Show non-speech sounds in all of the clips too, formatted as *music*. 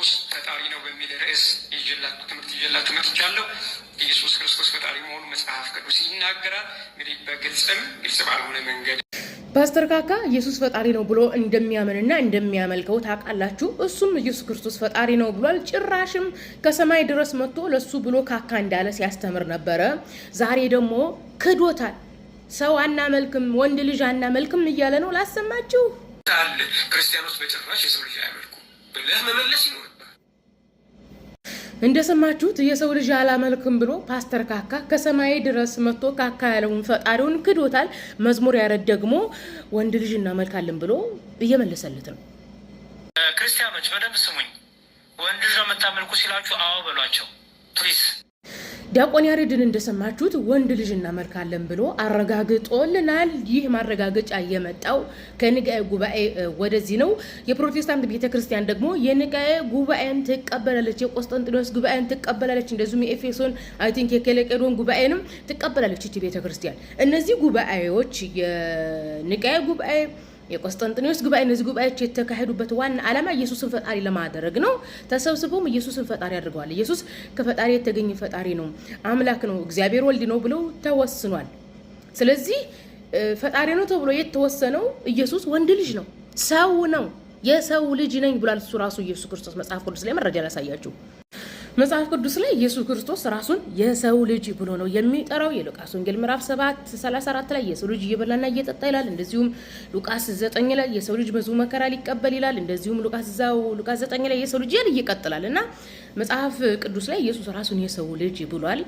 ክርስቶስ ፈጣሪ ነው በሚል ርዕስ ትምህርት ይዤላችሁ መጥቻለሁ። ኢየሱስ ክርስቶስ ፈጣሪ መሆኑ መጽሐፍ ቅዱስ ይናገራል። እንግዲህ በግልጽም ግልጽ ባልሆነ መንገድ ፓስተር ካካ ኢየሱስ ፈጣሪ ነው ብሎ እንደሚያምንና እንደሚያመልከው ታውቃላችሁ። እሱም ኢየሱስ ክርስቶስ ፈጣሪ ነው ብሏል። ጭራሽም ከሰማይ ድረስ መጥቶ ለሱ ብሎ ካካ እንዳለ ሲያስተምር ነበረ። ዛሬ ደግሞ ክዶታል። ሰው አናመልክም፣ ወንድ ልጅ አናመልክም እያለ ነው። ላሰማችሁ ክርስቲያኖች በጭራሽ የሰው ልጅ አያመልኩ ብለህ መመለስ ነው እንደሰማችሁት የሰው ልጅ አላመልክም ብሎ ፓስተር ካካ ከሰማይ ድረስ መጥቶ ካካ ያለውን ፈጣሪውን ክዶታል። መዝሙር ያረድ ደግሞ ወንድ ልጅ እናመልካለን ብሎ እየመለሰለት ነው። ክርስቲያኖች በደንብ ስሙኝ። ወንድ ልጅ ነው የምታመልኩ ሲላችሁ አዎ በሏቸው። ዲያቆን ያሬድን እንደሰማችሁት ወንድ ልጅ እናመልካለን ብሎ አረጋግጦልናል። ይህ ማረጋገጫ የመጣው ከንቃኤ ጉባኤ ወደዚህ ነው። የፕሮቴስታንት ቤተክርስቲያን ደግሞ የንቃኤ ጉባኤን ትቀበላለች፣ የቆስጠንጢኖስ ጉባኤን ትቀበላለች፣ እንደዚሁም የኤፌሶን አይ ቲንክ ጉባኤንም ትቀበላለች። ቤተክርስቲያን እነዚህ ጉባኤዎች የንቃኤ ጉባኤ የቆስጠንጥኒዎስ ጉባኤ እነዚህ ጉባኤዎች የተካሄዱበት ዋና ዓላማ ኢየሱስን ፈጣሪ ለማድረግ ነው። ተሰብስበውም ኢየሱስን ፈጣሪ አድርገዋል። ኢየሱስ ከፈጣሪ የተገኘ ፈጣሪ ነው፣ አምላክ ነው፣ እግዚአብሔር ወልድ ነው ብለው ተወስኗል። ስለዚህ ፈጣሪ ነው ተብሎ የተወሰነው ኢየሱስ ወንድ ልጅ ነው፣ ሰው ነው። የሰው ልጅ ነኝ ብሏል እሱ ራሱ ኢየሱስ ክርስቶስ። መጽሐፍ ቅዱስ ላይ መረጃ ላሳያችሁ። መጽሐፍ ቅዱስ ላይ ኢየሱስ ክርስቶስ ራሱን የሰው ልጅ ብሎ ነው የሚጠራው። የሉቃስ ወንጌል ምዕራፍ 7 34 ላይ የሰው ልጅ እየበላና እየጠጣ ይላል። እንደዚሁም ሉቃስ 9 ላይ የሰው ልጅ ብዙ መከራ ሊቀበል ይላል። እንደዚሁም ሉቃስ ዛው ሉቃስ 9 ላይ የሰው ልጅ ያል ይቀጥላል እና መጽሐፍ ቅዱስ ላይ ኢየሱስ ራሱን የሰው ልጅ ብሏል።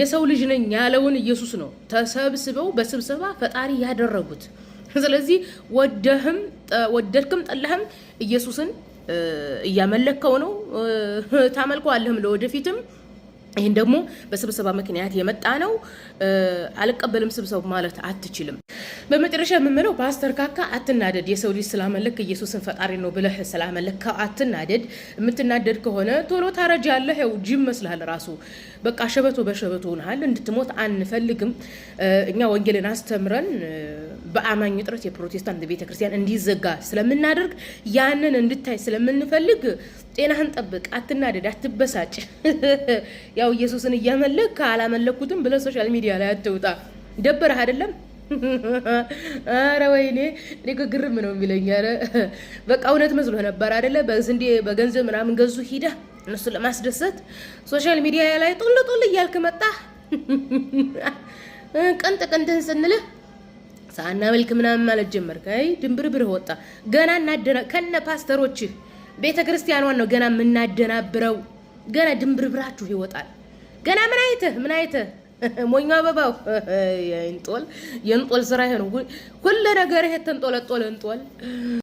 የሰው ልጅ ነኝ ያለውን ኢየሱስ ነው ተሰብስበው በስብሰባ ፈጣሪ ያደረጉት። ስለዚህ ወደህም ወደድክም ጠላህም ኢየሱስን እያመለከው ነው ታመልከዋለህም ለወደፊትም ይህን ደግሞ በስብሰባ ምክንያት የመጣ ነው። አልቀበልም ስብሰብ ማለት አትችልም። በመጨረሻ የምምለው ፓስተር ካካ አትናደድ። የሰው ልጅ ስላመለክ ኢየሱስን ፈጣሪ ነው ብለህ ስላመለከው አትናደድ። የምትናደድ ከሆነ ቶሎ ታረጃለህ። ያው ጅብ መስልሃል ራሱ በቃ ሸበቶ በሸበቶ ሆነሃል። እንድትሞት አንፈልግም። እኛ ወንጌልን አስተምረን በአማኝ ጥረት የፕሮቴስታንት ቤተ ክርስቲያን እንዲዘጋ ስለምናደርግ ያንን እንድታይ ስለምንፈልግ ጤናህን ጠብቅ፣ አትናደድ፣ አትበሳጭ። *laughs* ያው ኢየሱስን እያመለክ አላመለኩትም ብለ ሶሻል ሚዲያ ላይ አትውጣ። ደበረህ አይደለም? *laughs* አረ ወይኔ እኔ ግርም ነው የሚለኝ። አረ *laughs* በቃ እውነት መስሎ ነበር አደለ? በስንዴ በገንዘብ ምናምን ገዙ ሂዳ እነሱን ለማስደሰት ሶሻል ሚዲያ ላይ ጦል ጦል እያልክ መጣ። ቅንጥ ቅንጥህን ስንልህ ሳና መልክ ምናምን ማለት ጀመርክ። አይ ድንብርብር ወጣ። ገና እናደና ከነ ፓስተሮችህ ቤተ ክርስቲያኗን ነው ገና የምናደናብረው። ገና ድንብርብራችሁ ይወጣል። ገና ምን አይተህ ምን አይተህ *laughs* ሞኛ አበባው *laughs* የእንጦል የእንጦል ስራ ይሄ ነው። ሁሉ ነገር ይሄ ተንጦለጦለ እንጦል